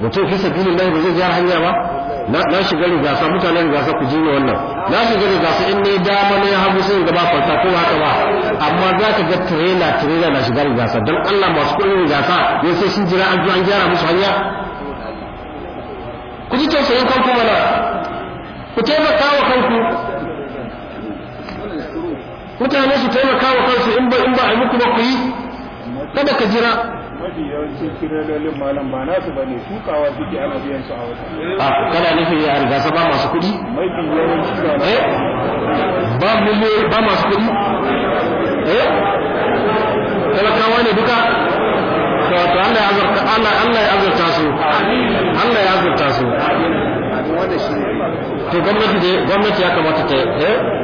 mutum fi sabilin lahi ba zai gyara hanya ba na shiga rigasa mutanen rigasa ku jini wannan na shiga rigasa in ne dama ne hagu sun gaba kwanta ko haka ba amma za ka ga tirela tirela na shiga rigasa don Allah masu kudin rigasa ne sai sun jira an zo an gyara musu hanya ku ji tausayin kanku mana ku taimaka wa kanku mutane su taimaka wa kansu in ba in ba a muku ba ku yi kada ka jira mafi yawancin kiralolin malam ba nasu suke su a ya ba eh ba miliyoyi ba eh talakawa ne duka to Allah ya azurta Allah Allah ya azurta su Allah ya azurta su to gwamnati kamata ta eh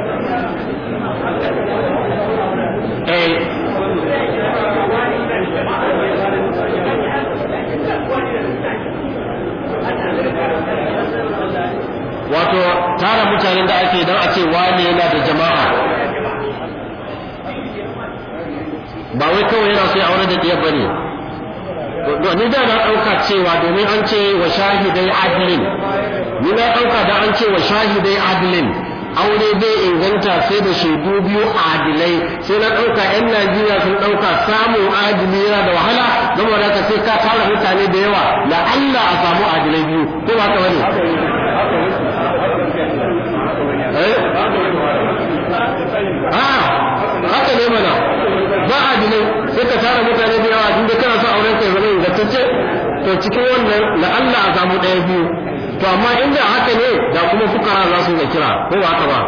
tara mutanen da ake don ake, ce wane yana da jama'a ba wai kawai yana so ya aure da ɗiyar bane ni da na ɗauka cewa domin an ce wa shahidai adlin ni na ɗauka da an ce wa shahidai adlin aure zai inganta sai da shaidu biyu adilai sai na ɗauka 'yan najeriya sun ɗauka samun adili yana da wahala don wadata sai ka tara mutane da yawa la'alla a samu adilai biyu ko ba ka wani to cikin wannan Allah a samu ɗaya biyu to amma inda haka ne da kuma fukara za su ga kira ko ba haka ba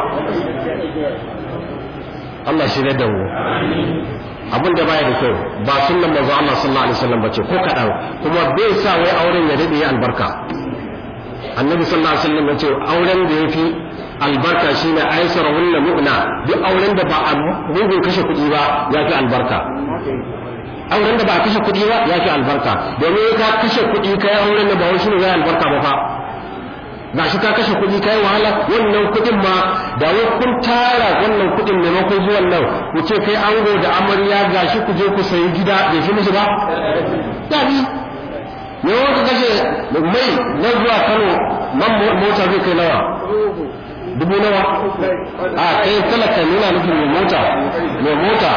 Allah shi ne da mu abin da baya da kyau ba sunan manzo Allah sallallahu alaihi wasallam bace ko kadan kuma bai sa wai auren ya dade albarka annabi sallallahu alaihi wasallam bace auren da yafi albarka shine aisarul mu'mina duk auren da ba a mugun kashe kuɗi ba yafi albarka auren da ba a kashe kuɗi ba ya fi albarka domin ka kashe kuɗi ka yi auren da ba wani shine ya albarka ba fa ba shi ka kashe kuɗi ka yi wahala wannan kuɗin ma da wai kun tara wannan kuɗin maimakon zuwan nan ku ce kai ango da amarya shi ku je ku sayi gida bai fi musu ba dadi me wata kashe mai na zuwa kano man mota zai kai nawa dubu nawa a kai talaka nuna nufin mai mota mai mota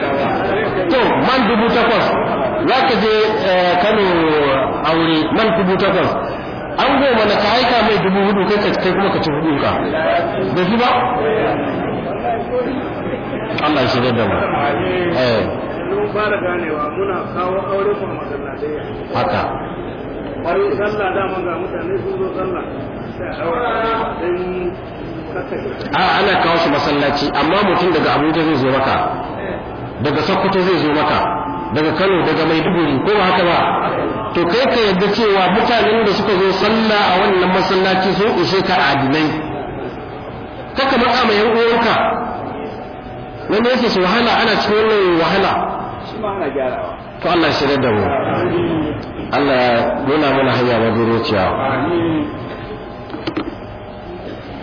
to man dubu takwas za ka je eh, kano aure man dubu takwas an goma na ka haika mai dubu hudu kai ka kai kuma ka ci hudu ka da fi ba Allah shi shirya da mu eh mun fara ganewa muna kawo aure kuma masallaci haka bari sallah da mun ga mutane sun zo sallah sai aure a ana kawo su masallaci amma mutum daga abuja zai zo maka daga sokoto zai zo maka daga kano daga maiduguri ko ba haka ba to kai ka yadda cewa mutanen da suka zo sallah a wannan masallaci sun ishe ka adinai ta kamar a mai uwanka wani yake su wahala ana cikin wannan wahala to Allah shirya da mu Allah ya nuna mana hanya madurociya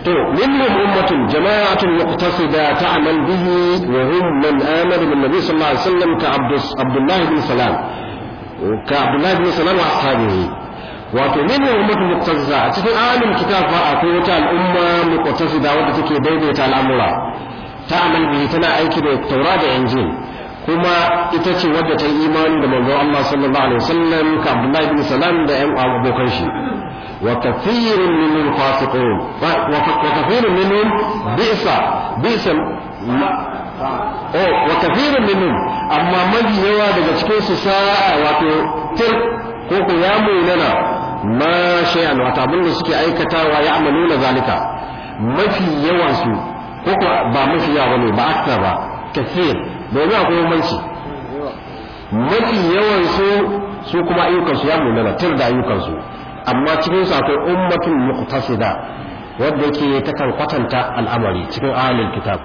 to minhum ummatun jama'atun muqtasida ta'mal bihi wa hum man amana bin nabi sallallahu alaihi wasallam ka abdullah bin salam ka abdullah bin salam wa ashabihi wato minhum ummatun muqtasida a cikin alim kitab fa akwai wata al'umma muqtasida wadda take daidaita al'amura ta'mal bihi tana aiki da taura da injil kuma ita ce wadda ta yi imani da manzon Allah sallallahu alaihi wasallam ka abdullah bin salam da ƴan abokan shi وكثير منهم فاسقون وكثير منهم بئس بئس oh وكثير منهم amma mafi yawa daga cikin su sa'a wato tir ko ya munana ma shay'an wato suke aikatawa ya amaluna zalika mafi yawan su ba mafi yawa ne ba akthar ba domin akwai bambanci mafi yawan su kuma ayyukan ya munana da ayyukansu. amma cikin sa akwai ummatul muqtasida wanda yake takan kwatanta al'amari cikin ahlul kitab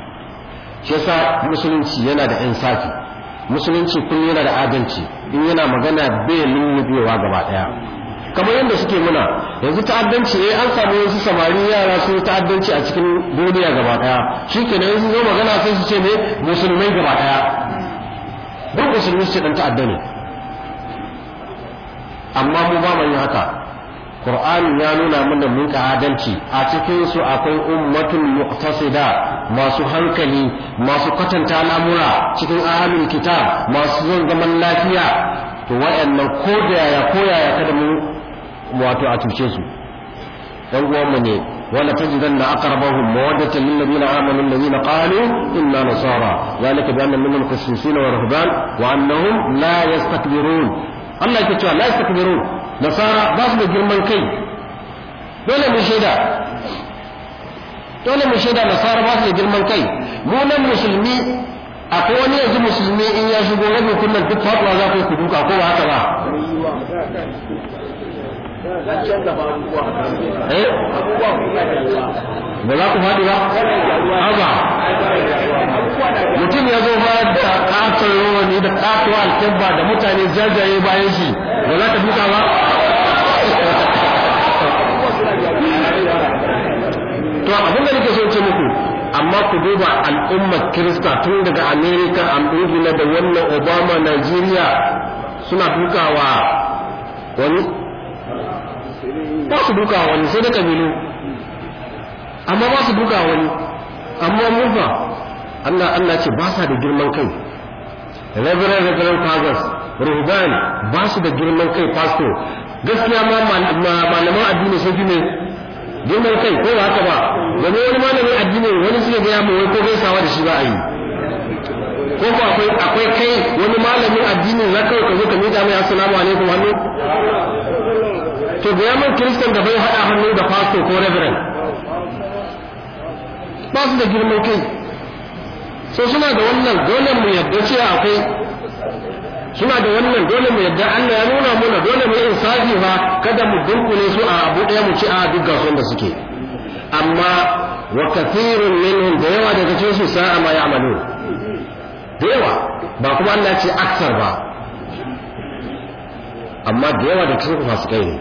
shi yasa musulunci yana da insafi musulunci kun yana da adalci in yana magana bai lullubewa gaba daya kamar yadda suke muna yanzu ta'addanci eh an samu wasu samari yara sun ta'addanci a cikin duniya gaba daya shikenan yanzu zo magana sai su ce ne musulmai gaba daya duk musulmi su ce dan ta'adda ne amma mu ba mu yi haka Qur'ani ya nuna mana mun adalci a cikin su akwai ummatun muqtasida masu hankali masu katanta al'amura cikin ahlul kitab masu zan zaman lafiya to wayannan ko da yaya ko yaya kada mu wato a tuce su dan uwanmu ne wala tajidanna aka mawaddatan lil ladina amanu alladhina qalu inna nasara zalika bi anna minhum Allah nasara ba su da girman kai dole mu shaida dole mu shaida nasara ba su da girman kai mu nan musulmi akwai wani yanzu musulmi in ya shigo rabin kullum duk faɗuwa za ku yi ku ko ba haka ba eh? ba za ku faɗi ba? haka Mutum ya zo ba da ƙatar rawani da ƙatuwa alkebba da mutane jajaye bayan shi, ba za ka duka ba? to abin da nake so ce muku amma ku duba al'ummar kirista tun daga america ingila da wannan obama nigeria suna dukawa wani ba su dukawa wani sai da kabilu amma ba su dukawa wani amma mufa allah allah ce ba sa da girman kai reverend reverend fathers ruhban ba su da girman kai pastor gaskiya ma malaman addini sun fi mai gindar kai ko ba haka ba domin wani malamin addini wani suke gaya mu wai ko gaisawa da shi ba a yi ko ko akwai akwai kai wani malamin addini za kawai ka zo ka miƙa mai assalamu alaikum hannu to gaya mun kiristan da bai haɗa hannu da pastor ko reverend ba su da girman kai so suna da wannan dole mu yarda cewa akwai suna da wannan dole mu yadda Allah ya nuna muna dole mu yi insafi fa kada mu dunkule su a abu ɗaya mu ci a duk gasun da suke amma wa kathirun minhum da yawa daga cikin su sa'a ma ya'malu da yawa ba kuma Allah ce aksar ba amma da yawa daga cikin su fasikai ne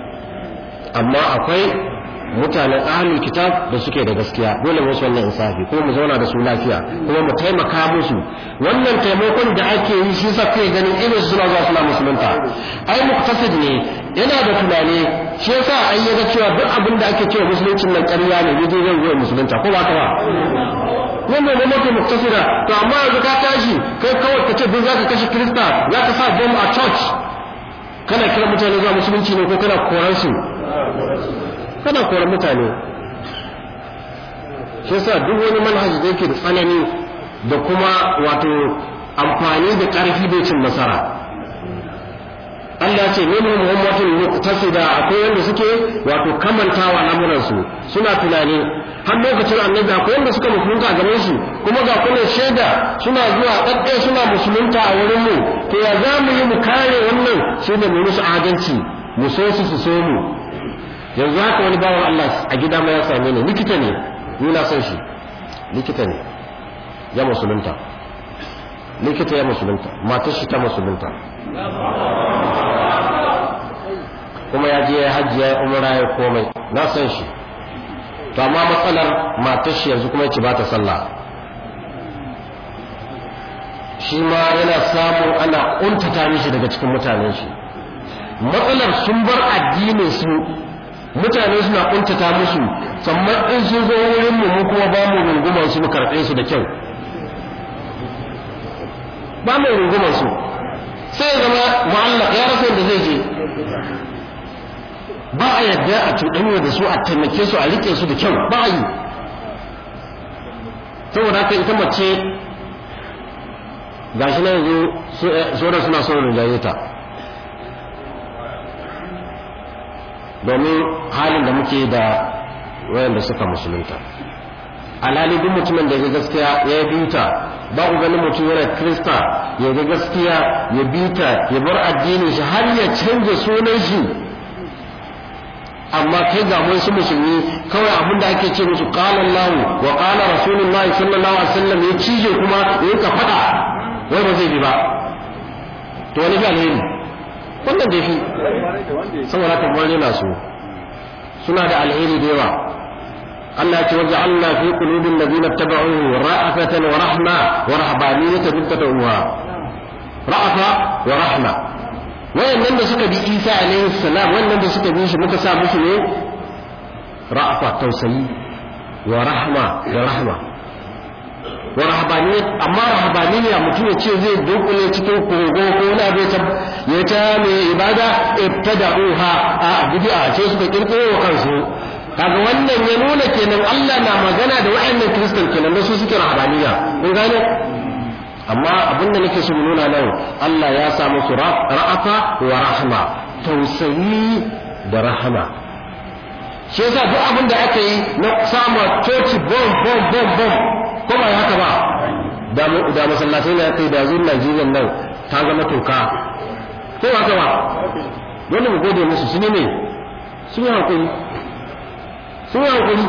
amma akwai mutanen ahlul kitab da suke da gaskiya dole mu wannan insafi kuma mu zauna da su lafiya kuma mu taimaka musu wannan taimakon da ake yi shi sa kai ganin irin suna zuwa suna musulunta ai muktasid ne yana da tunani shi yasa ai ya ga cewa duk abin da ake cewa musuluncin nan ƙarya ne yaje zai zo musulunta ko ba ka ba wannan ne mafi muktasira to amma yanzu ka tashi kai kawai ka ce duk zaka kashe kirista ka sa bomb a church kana kira mutane zuwa musulunci ne ko kana koransu kana kora mutane shi yasa duk wani manhaji da yake da tsanani da kuma wato amfani da ƙarfi bai cin nasara Allah ce ta ummatun muqtasida akwai wanda suke wato kamantawa lamuran su suna tunani har lokacin annabi akwai wanda suka musulunta a gare su kuma ga kuma shaida suna zuwa dadde suna musulunta a wurin mu to ya za mu yi mu kare wannan shi da mu musu adalci mu so su so mu yanzu haka wani bawan Allah a gida ma ya same ni likita ne nuna na son shi likita ne ya musulunta likita ya musulunta matar shi ta musulunta kuma ya je ya hajji ya umara ya komai na san shi to amma matsalar matar shi yanzu kuma yace ba ta sallah shi ma yana samun ana kuntata mishi daga cikin mutanen shi matsalar sun bar addinin su mutane suna kuntata musu sannan in sun zo wurin mu mu kuma ba mu rungumar su mu karɓe su da kyau ba mu rungumar su sai zama mu'allaq ya rasa da zai je ba a yadda a cuɗanya da su a taimake su a riƙe su da kyau ba a yi saboda haka ita mace gashi na yanzu sauran eh, suna son rinjaye ta domin halin da muke da da suka musulunta alhali mutumin da ya gaskiya ya bita ba ku ganin mutum yana krista ya ga gaskiya ya bita ya bar addini shi har ya canza sunan shi amma kai ga mun su musulmi kawai abinda ake ce musu qala Allah wa qala Rasulullahi sallallahu alaihi wasallam ya cije kuma ya ka fada wai ba zai bi ba to wani ga alheri wannan da shi saboda ka su suna da alheri da yawa Allah ce wajen Allah fi kulubin da zina ta ba'u ra'afatan wa rahma wa ta uwa ra'afa wa rahma da suka bi Isa salam wannan da suka bi shi muka sa musu ne ra'afa tausayi wa rahma da rahma wa rahabaniya amma rahabaniya mutum ya ce zai dukule cikin kogo ko wani abu ya ta mai ibada ibtada'uha a a ce suka kirkiro wa kansu kaga wannan ya nuna kenan Allah na magana da wa'annan kristan kenan da su suke rahabaniya kun gane amma abin da nake so mu nuna nan Allah ya sa musu ra'afa wa rahma tausayi da rahama shi yasa duk abin da aka yi na sama coci bom bom bom bom ko ba haka ba da masallatai na kai da zuwa Najeriya nan ta zama toka ko haka ba wanda mu gode musu su ne ne sun yi hankali sun yi hankali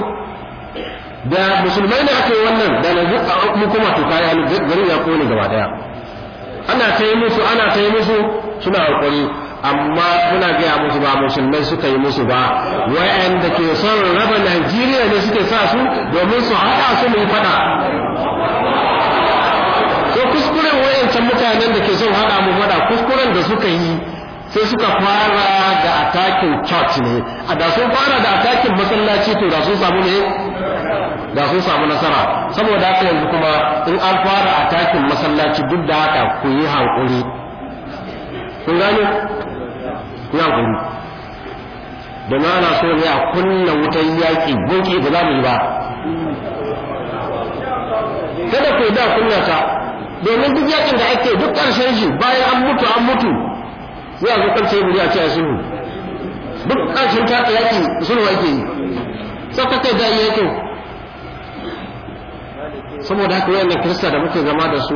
da musulmai na aka yi wannan da na mu kuma toka ya gari ya kone gaba daya ana ta yi musu ana ta yi musu suna hankali. amma muna gaya musu ba musulmai suka yi musu ba wa'anda ke son raba najeriya ne suke sa su domin su haɗa su mu faɗa so kuskuren wa'ancan mutanen da ke son haɗa mu faɗa kuskuren da suka yi sai suka fara da atakin church ne a da sun fara da atakin masallaci to da sun samu ne da sun samu nasara saboda haka yanzu kuma in an fara atakin masallaci duk da haka ku yi hankuri kun gano ya guri na ana so ne a kunna wutan yaƙi gunki da za mu yi ba kada ku da kunna ta domin duk yaƙin da ake duk ƙarshen shi bayan an mutu an mutu ya zo kan sai a ce a sulhu duk ƙarshen ta yaƙi sulhu ake yi sai ka kai da yaƙin saboda haka wayannan kirista da muke zama da su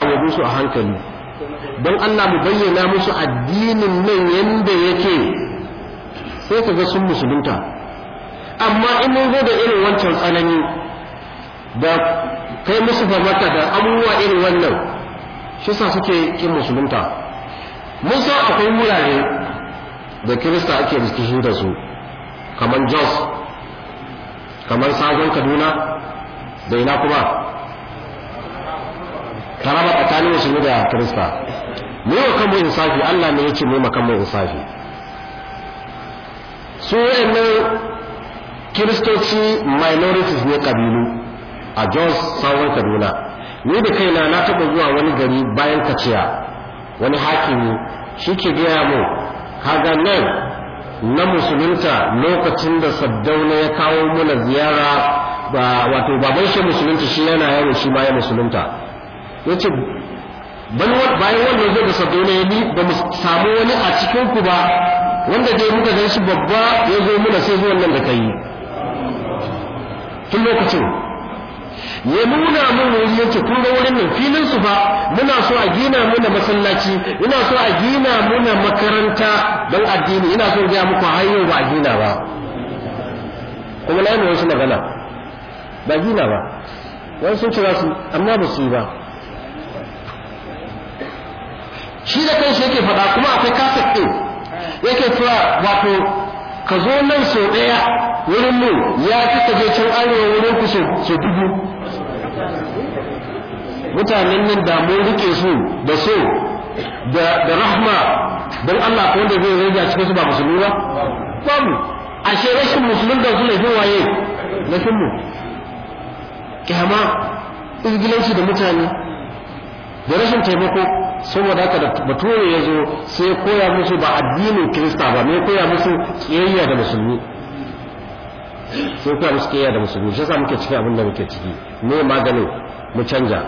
a su a hankali don Allah mu bayyana musu addinin nan yanda yake sai ka ga sun musulunta amma in mun zo da irin wancan tsanani da kai musu famata da abubuwa irin wannan shi sa suke kin musulunta mun san akwai wurare da kirista ake rikishi da su kamar jos kamar sabon kaduna da ina kuma musulmi da kirista mu yi kanmu insafi Allah ne ya mu makan mu insafi su wayannan kiristoci minorities ne kabilu a Jos sauran Kaduna ni da kaina na taɓa zuwa wani gari bayan kaciya wani hakimi shi ke gaya mu kaga nan na musulunta lokacin da saddauna ya kawo mana ziyara wato baban shi musulunta shi yana yaro shi ma ya musulunta ya ce bayan wannan zai ga sadona ya ba mu samu wani a cikin ku ba wanda dai muka gan shi babba ya zo muna sai zuwan nan da kai yi tun lokacin ya nuna mun wuri yace kun ga wurin nan filin su fa muna so a gina muna masallaci ina so a gina muna makaranta don addini ina so ga muku hayo ba a gina ba kuma lai ne wasu magana ba gina ba wani sun kira su amma ba su yi ba shi yake faɗa kuma akwai kaset ɗin yake cewa wato ka zo nan so ɗaya wurin mu ya fi ka je can arewa wurin ku so dubu mutanen nan da mun rike su da so da rahma don Allah ko wanda zai rage a cikin su ba musulmi ba babu ashe rashin musulun da su laifin waye laifin mu kyama izgilanci da mutane da rashin taimako saboda haka da bature ya zo sai ya koya musu ba addinin kirista ba ne koya musu kiyayya da musulmi sai koya musu kiyayya da musulmi shi yasa muke cikin abin da muke ciki ne maganin mu canja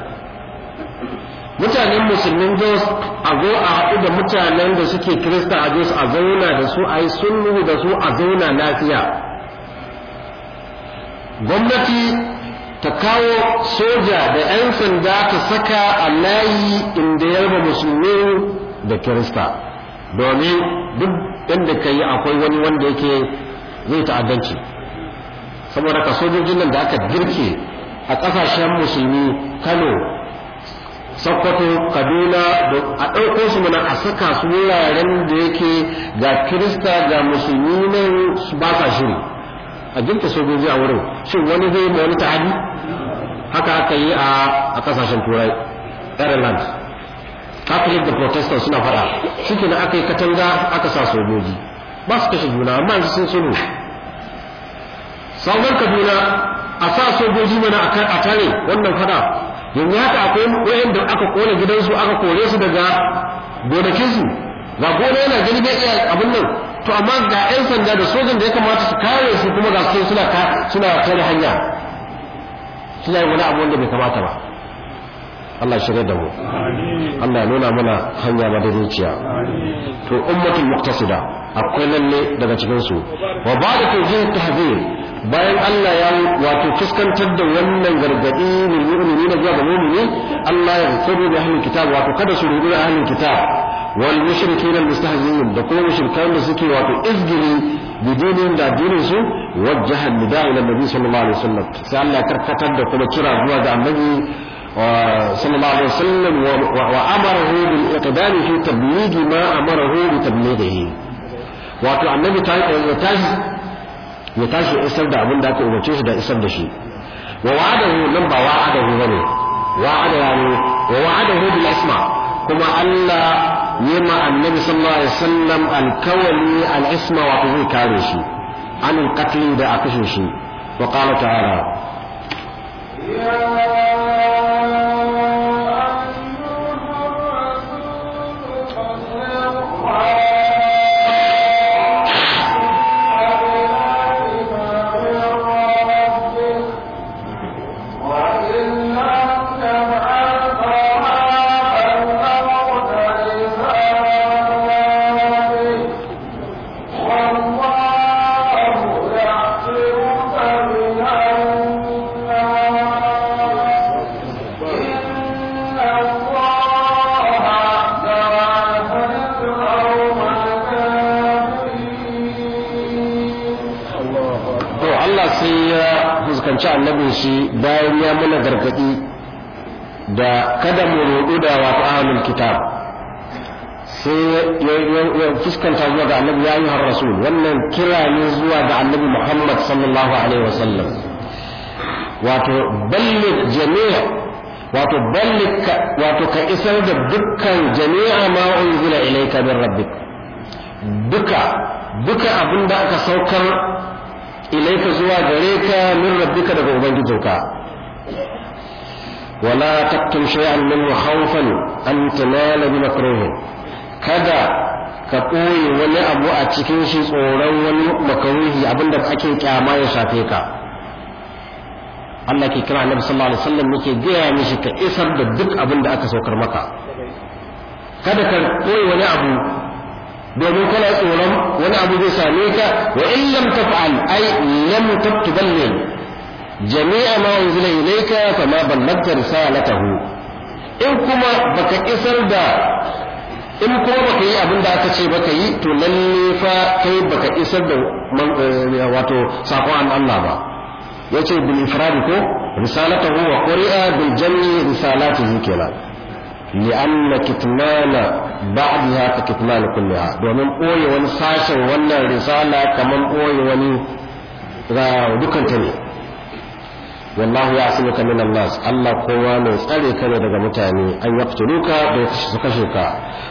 mutanen musulmin jos a zo a haɗu da mutanen da suke kirista a jos a zauna da su a yi sulhu da su a zauna lafiya gwamnati ta kawo soja da 'yan sanda ta saka a layi inda yarba musulmi da kirista domin duk inda ka yi akwai wani wanda yake zai ta'addanci saboda ka sojojin nan da aka girke a ƙasashen musulmi kano sokoto kaduna a ɗauko su mana a saka su wuraren da yake ga kirista ga musulmi nan ba sa shiri a jirka sojoji a wurin shin wani zai ma wani ta'adi haka aka yi a kasashen turai ireland catholic da protestant suna fada shi na aka yi katanga aka sa sojoji ba su kashe juna amma yanzu sun sunu sauran kaduna a sa sojoji mana a tare wannan fada yanzu haka akwai wayan da aka kone gidansu aka kore su daga gonakinsu ga gona yana gani bai iya abin nan to amma ga 'yan sanda da sojan da ya kamata su kare su kuma ga su suna suna da hanya suna yin wani abu wanda bai kamata ba Allah shirya da mu Allah ya nuna mana hanya da madadaciya to ummatul muqtasida akwai nan ne daga cikin su wa ba'da tawjih tahzir bayan Allah ya wato fuskantar da wannan gargadi lil mu'minina zuwa ga mu'mini Allah ya tsare da ahlul kitab wato kada su rubuta ahlul kitab والمشركين المستهزئين دقوا مشركين مسكي واتو ازجري بدينهم دا دينسو وجه النداء الى النبي صلى الله عليه وسلم سألنا كرفتا دقوا مشرا جوا دا النبي آه، صلى الله عليه وسلم وامره بالاقدام في تبليغ ما امره بتبليغه واتو النبي تاج يتاج اسر دا من داك ومتوش دا اسر دشي ووعده لم بوعده غني وعد يعني ووعده بالاسماء كما الله yi ma annabi sallallahu alaihi wasallam alkawali al'isma wato zai kare shi an katli da a kashe shi wa qala ta'ala shi bayan ya muna gargaɗi da kada mu roƙo da wato ahlul kitab sai ya fuskanta zuwa ga annabi ya yi rasul wannan kira ne zuwa ga annabi muhammad sallallahu alaihi wasallam wato ballik jami'a wato ballik wato ka isar da dukkan jami'a ma unzila ilayka min rabbik duka duka abin da aka saukar karkata zuwa gare ka min rabbika daga ubangijinka wala taqtum shay'an min khawfan an tanala bi makruhin kada ka koyi wani abu a cikin shi tsoron wani makaruhi abinda ake kyama ya shafe ka Allah ke kira Annabi sallallahu alaihi wasallam yake gaya mishi ka isar da duk abinda aka saukar maka kada ka koyi wani abu domin kana tsoron wani abu zai same ka wa in lam taf'al ai lam tabtaballigh jami'a ma unzila ilayka ma ballagta risalatahu in kuma baka isar da in kuma baka yi abin da aka ce baka yi to lalle fa kai baka isar da eh, wato sakon Allah ba yace bil ifradi ko risalatahu wa qari'a bil jami risalatihi kenan li'anna kitmana ba'daha ka kitmana kulliha domin ɓoye wani sashen wannan risala kamar ɓoye wani dukanta ne wallahu ya asinu ka minan nas Allah kowa ne tsare ka ne daga mutane an yaqtuluka da su kashe ka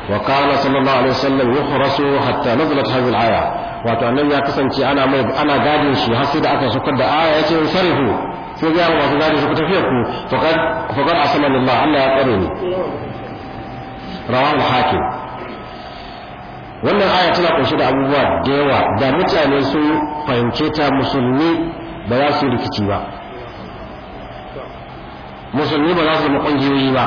wa kana sallallahu alaihi wasallam yuhrasu hatta nazalat hadhihi al-aya wato annabi ya kasance ana mai ana gadin shi har sai da aka sukar da aya yace sarihu sai ya ga masu gadin su ku tafiya ku faqad faqad asama Allah Allah ya tsare ni rawahu hakim wannan aya tana kunshe da abubuwa da yawa da mutane sun fahimce ta musulmi ba za su rikici ba musulmi ba za su zama ƙungiyoyi ba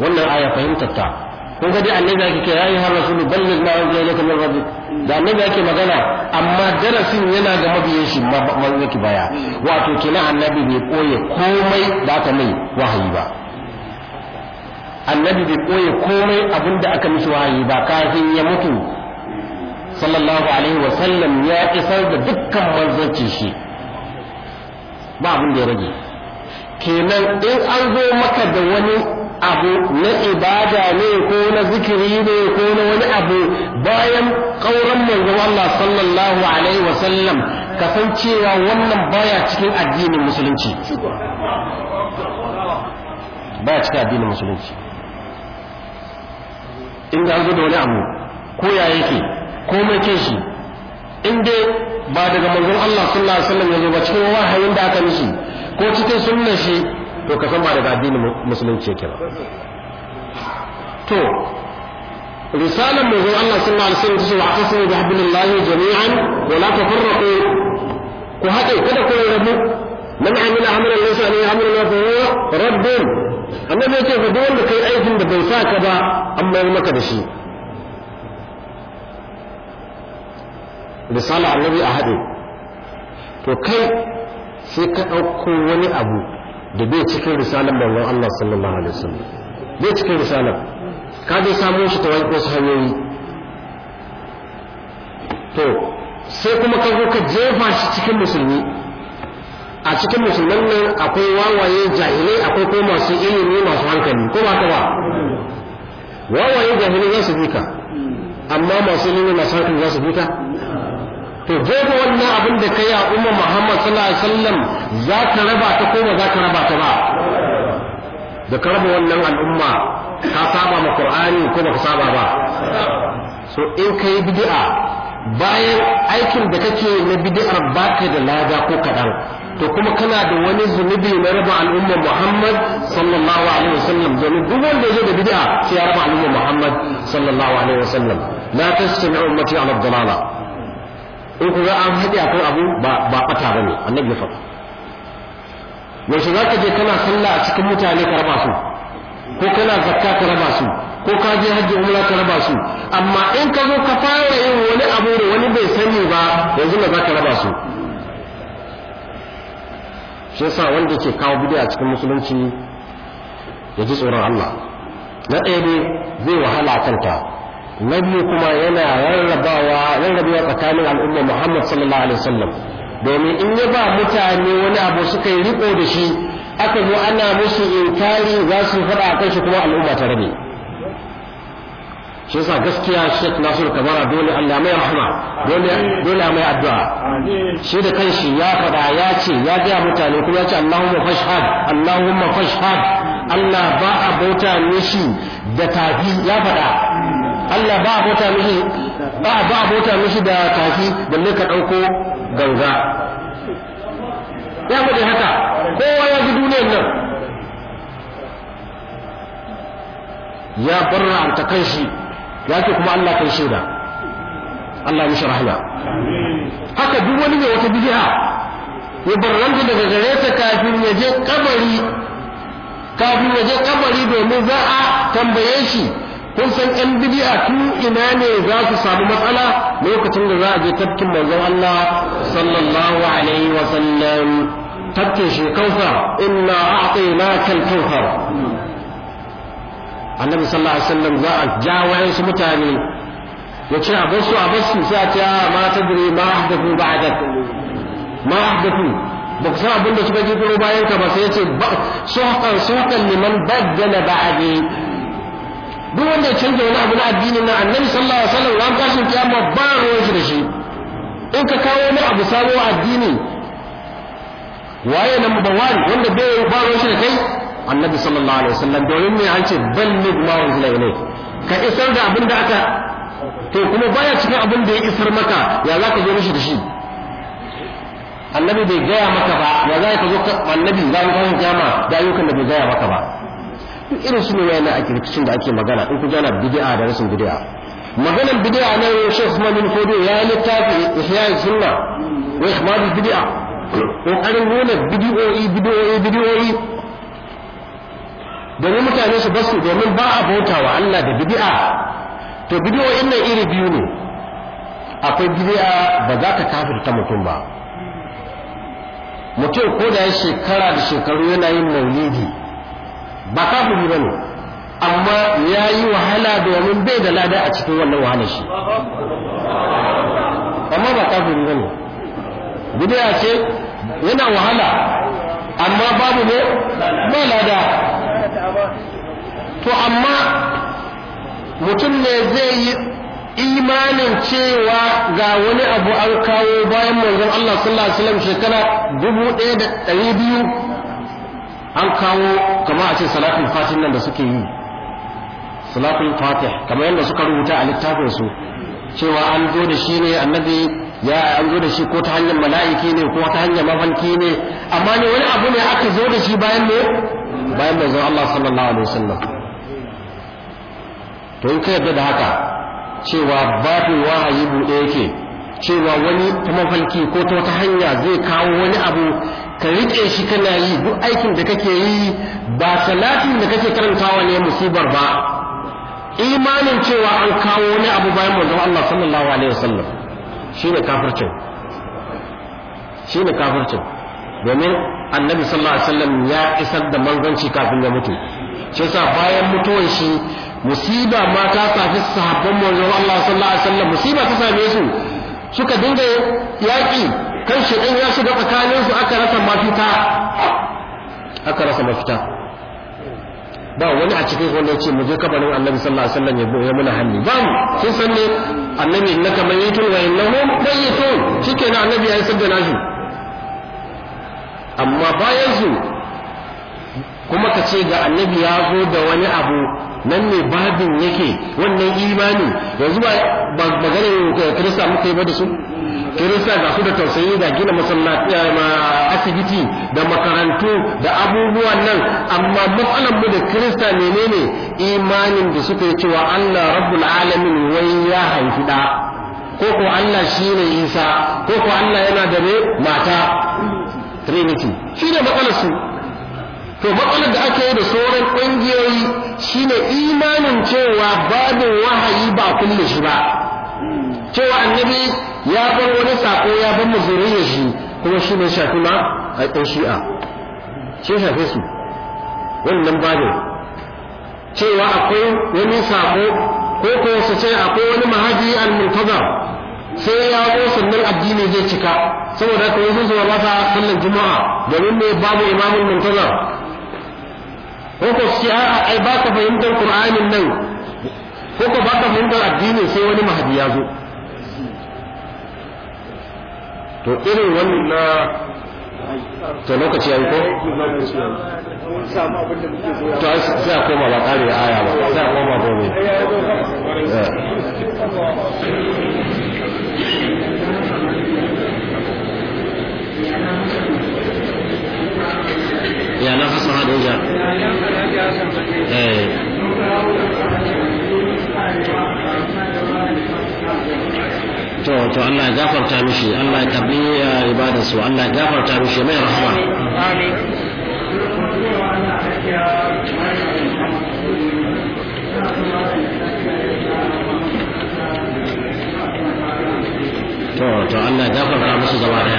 wannan aya fahimtar ta kun ga dai annabi yake kira yayi har rasulu balligh ma unzila ilayka min rabbik da annabi yake magana amma darasin yana ga mabiyan shi man yake baya wato kina annabi bai koye komai da aka mai wahayi ba annabi bai koye komai abin da aka mishi wahayi ba kafin ya mutu sallallahu alaihi wa sallam ya isar da dukkan manzanci shi ba abin da ya rage kenan in an zo maka da wani abu na ibada ne ko na zikiri ne ko na wani abu bayan kauran manzon Allah sallallahu alaihi wa sallam kasancewa wannan baya cikin addinin musulunci baya cikin addinin musulunci in ga zo da wani abu ko ya yake ko mace shi in dai ba daga manzon Allah sallallahu alaihi wasallam ya zo ba cikin wahayin da aka mishi ko cikin sunnar shi to ka san ba daga addinin musulunci yake ba to risalar manzon Allah sallallahu alaihi wasallam a ce wa Abdullahi jami'an wa la tafarraqu ku haɗe kada ku rabu man amila amalan laysa alayhi amrun fa huwa amma zai ce fa duk wanda kai aikin da bai sa ka ba an mayar maka da shi misali annabi a haɗe to kai sai ka ɗauko wani abu da bai cikin risalar manzon Allah sallallahu alaihi wasallam bai cikin risalar ka je samu shi ta wasu hanyoyi to sai kuma ka zo ka jefa shi cikin musulmi a cikin musulman nan akwai wawaye jahilai akwai ko masu ilimi masu hankali ko ba ta ba wawaye jahilai za su fita? ka amma masu ilimi masu hankali za su fita? ka to gobe wannan abin da kai a umma Muhammad sallallahu alaihi wasallam za ka raba ta ko ba za ka raba ta ba da ka raba wannan al'umma ka saba ma Qur'ani ko ba ka saba ba so in kai bid'a bayan aikin da kake na bid'ar baka da lada ko kadan to kuma kana da wani zunubi na raba al'ummar Muhammad sallallahu alaihi wasallam domin duk wanda yake da bid'a sai ya raba al'ummar Muhammad sallallahu alaihi wasallam la tasma'u ummati ala dalala in ku ga an haɗe ko abu ba ba fata bane annabi fa faɗa shi zaka ka je kana sallah a cikin mutane ka raba su ko kana zakka ka raba su ko ka je hajji umra ka raba su amma in ka zo ka fara yin wani abu da wani bai sani ba yanzu ba za ka raba su shi yasa wanda ke kawo a cikin musulunci ya ji tsoron Allah na ɗaya ne zai wahala kanta na biyu kuma yana rarrabawa rarrabewa tsakanin al'ummar Muhammad sallallahu alaihi wasallam domin in ya ba mutane wani abu suka yi riko da shi aka zo ana musu inkari za su faɗa kan shi kuma al'umma ta rabe shi yasa gaskiya Sheikh Nasir Kabara dole Allah mai rahama dole dole mai addu'a shi da kanshi ya fada ya ce ya ga mutane kuma ya ce Allahumma fashhad Allahumma fashhad Allah ba a bauta mishi da tafi ya fada Allah ba a bauta mishi ba a ba a bauta mishi da tafi balle ka dauko ganga ya mutu haka kowa ya ji duniyar nan ya barra ta kanshi ya ce kuma Allah kai shaida Allah mishi rahama haka duk wani mai wata bid'a ya barranta daga gare ta kafin ya je kabari kafin ya je kabari domin za a tambaye shi kun san yan bid'a tun ina ne za su samu matsala lokacin da za a je tafkin manzon Allah sallallahu alaihi wa sallam tafkin shi kausa inna a'tainaka al-kautsar annabi sallallahu alaihi wasallam za a ja wayansu mutane ya ce a basu a basu sai a ce a ma ta dure ma ahdathu ba'dak ma ahdathu ba ku san abin da suka kiro bayan ka ba sai ya ce suhqan suhqan liman baddala ba'di duk wanda ya canja wani abu na addinin na annabi sallallahu alaihi wasallam ran tashin kiyama ba ruwan shi da shi in ka kawo mu abu sabo addini waye number 1 wanda bai ba ruwan shi da kai annabi sallallahu alaihi wasallam domin me an ce balligh ma unzila ilayk ka isar da abin da aka to kuma baya cikin abin da ya isar maka ya za ka je mishi da shi annabi bai gaya maka ba ya za ka zo annabi za ka kawo kiyama da ayyukan da bai gaya maka ba duk irin su ne yana a kirkicin da ake magana in ku gana bid'a da rasin bid'a maganar bid'a na yau Sheikh Usman bin Fodo ya littafi Ihya Sunna wa Ihmad bid'a kokarin nuna bid'o'i bid'o'i bid'o'i domin mutane su basu domin ba a wa Allah da bid'a to in nan iri biyu ne akwai bid'a ba za ta mutum ba mutum ko da ya shekara da shekaru yana yin maulidi ba kafiri ba ne amma ya yi wahala domin bai da lada a cikin wannan wahalar shi amma ba kafiri ba ne bid'a ce yana wahala amma babu ne ba lada to amma mutum ne zai yi imanin cewa ga wani abu an kawo bayan manzon Allah sallallahu alaihi wasallam shekara dubu ɗaya da ɗari biyu an kawo kama a ce salafin fatih nan da suke yi salafin fatih kamar yadda suka rubuta a littafin su cewa an zo da shi ne annabi ya an zo da shi ko ta hanyar mala'iki ne ko ta hanyar mafarki ne amma ne wani abu ne aka zo da shi bayan ne bayan manzon Allah sallallahu alaihi wasallam to in ka yarda da haka cewa babu wahayi buɗe yake cewa wani mafarki ko ta wata hanya zai kawo wani abu ka riƙe shi kana yi duk aikin da kake yi ba salatin da kake karantawa ne musibar ba imanin cewa an kawo wani abu bayan manzon Allah sallallahu alaihi wasallam shine kafircin shine kafircin domin annabi sallallahu alaihi wasallam ya isar da manzanci kafin ya mutu shi yasa bayan mutuwar shi musiba ma ta safi sahabban manzo Allah sallallahu alaihi wasallam musiba ta same su suka dinga yaƙi kan shi din ya shiga tsakanin su aka rasa mafita aka rasa mafita ba wani a cikin wanda ya ce mu je kabarin annabi sallallahu alaihi wasallam ya muna hannu ba mu sun san ne annabi innaka mayitun wa innahum mayyitun shikenan annabi ya isar da nashi amma bayan su kuma ka ce ga annabi ya zo da wani abu nan ne babin yake wannan imani yanzu ba maganar kirista muka yi ba da su kirista ga su da tausayi da gina masallaci eh, asibiti da makarantu da abubuwan nan amma matsalar mu da kirista menene imanin da suka yi cewa Allah rabbul alamin wai ya haifi da ko ko Allah shine Isa ko ko Allah yana da ne mata Trinity shi ne matsalar su to matsalar da ake yi da sauran ƙungiyoyi shine imanin cewa babin wahayi ba kulle shi ba cewa annabi ya bar wani sako ya bar mu zuriyar shi kuma shi ne shafi ma a ɗan shi'a shi shafe su wannan ne cewa akwai wani sako ko ko su ce akwai wani mahaji al-muntazar sai ya zo sannan addini zai cika saboda haka wasu zuwa masa sallar juma'a domin ne babu imamin muntazar ko ko su ce ai ba ka fahimtar qur'anin nan ko ko ba ka fahimtar addini sai wani mahaji ya zo to irin wannan na ta lokaci yayi ko to sai a koma ba kare aya ba sai a koma ba ne eh. ya na fasa ja eh to to Allah ya gafarta mishi Allah ya karbi eh, ibadar su Allah ya gafarta mishi mai rahama amin to to Allah ya gafarta musu gaba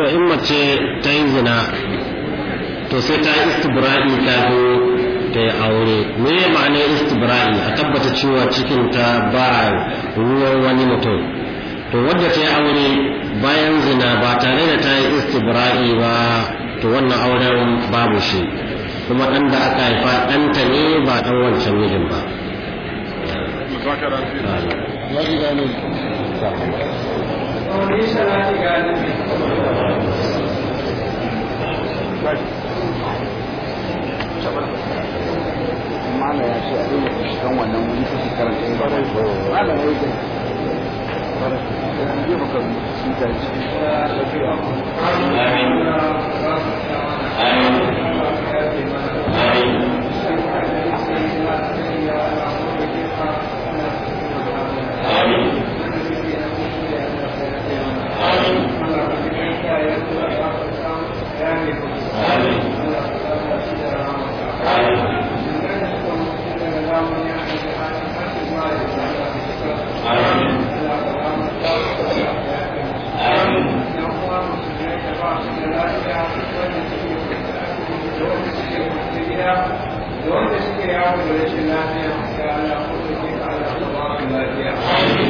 to in mace ta yi zina to sai ta yi istibra'i kafin ta yi aure me ya ma'anar istibra'i a tabbata cewa cikin ta ba ruwan wani mutum to wadda ta yi aure bayan zina ba tare da ta yi istibra'i ba to wannan auren babu shi kuma ɗan da aka haifa ɗanta ne ba ɗan wancan mijin ba mana ya a wannan amin da wanda suke yawon da rashin lafiya da Allah ko da ke Allah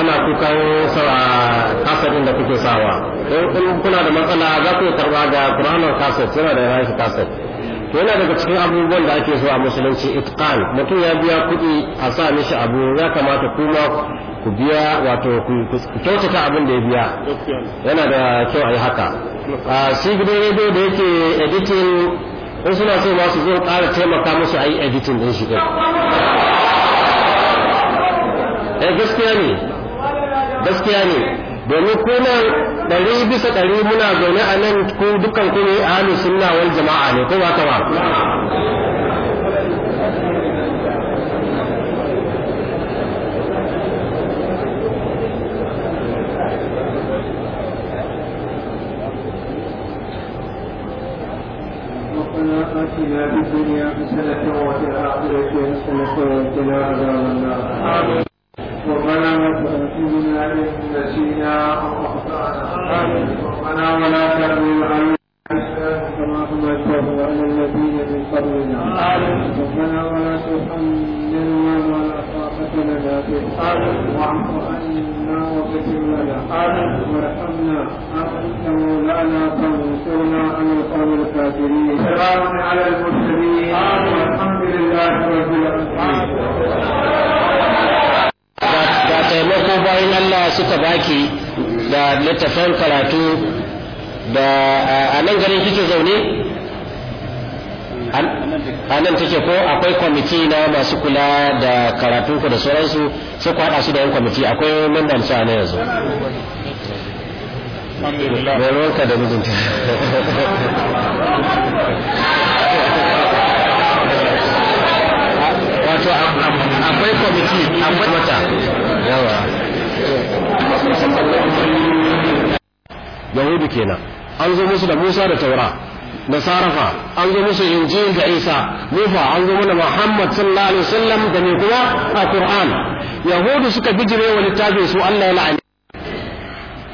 ana kukan sawa kasadin da kuke sawa in kuna da matsala za ku karba ga Qur'anin kaset yana da yana shi kaset to yana daga cikin abubuwan da ake so a musulunci itqan mutum ya biya kuɗi a sa mishi abu ya kamata kuma ku biya wato ku kyautata abin da ya biya yana da kyau a yi haka a shi gidan rediyo da yake editing in suna so masu zo ƙara taimaka musu a yi editing din shi ɗin. Eh, gaskiya ne domin kuma ɗari bisa ɗari muna zaune a nan ku dukkan ku a halin suna wani jama'a ne ko ba ta ba آتنا في الدنيا حسنة وفي الآخرة حسنة وقنا عذاب النار ربنا لا تؤاخذنا إن نسينا أو أخطأنا ربنا ولا تحمل علينا كما حملته على الذين من قبلنا ربنا ولا تحملنا ما لا ربنا لا تسأل واعف عنا واغفر لنا وارحمنا أنت مولانا فانصرنا على القوم الكافرين سلام على المرسلين والحمد لله رب العالمين da taimako bayan Allah suka baki da littafan karatu da a nan garin kike zaune a nan take ko akwai kwamiti na masu kula da ku da sauransu sai ku haɗa su da yan kwamiti akwai su a na yanzu Wato akwai kwamiti akwai mata. Yawa. Yahudu kenan. An zo musu da Musa da Taura. da sarafa an zo musu injil da isa mufa an zo mana muhammad sallallahu alaihi wasallam da ne kuma a qur'an yahudu suka bijire wa littafin su allah ya la'ani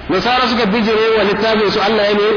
nasara suka bijire wa littafin su allah ya ne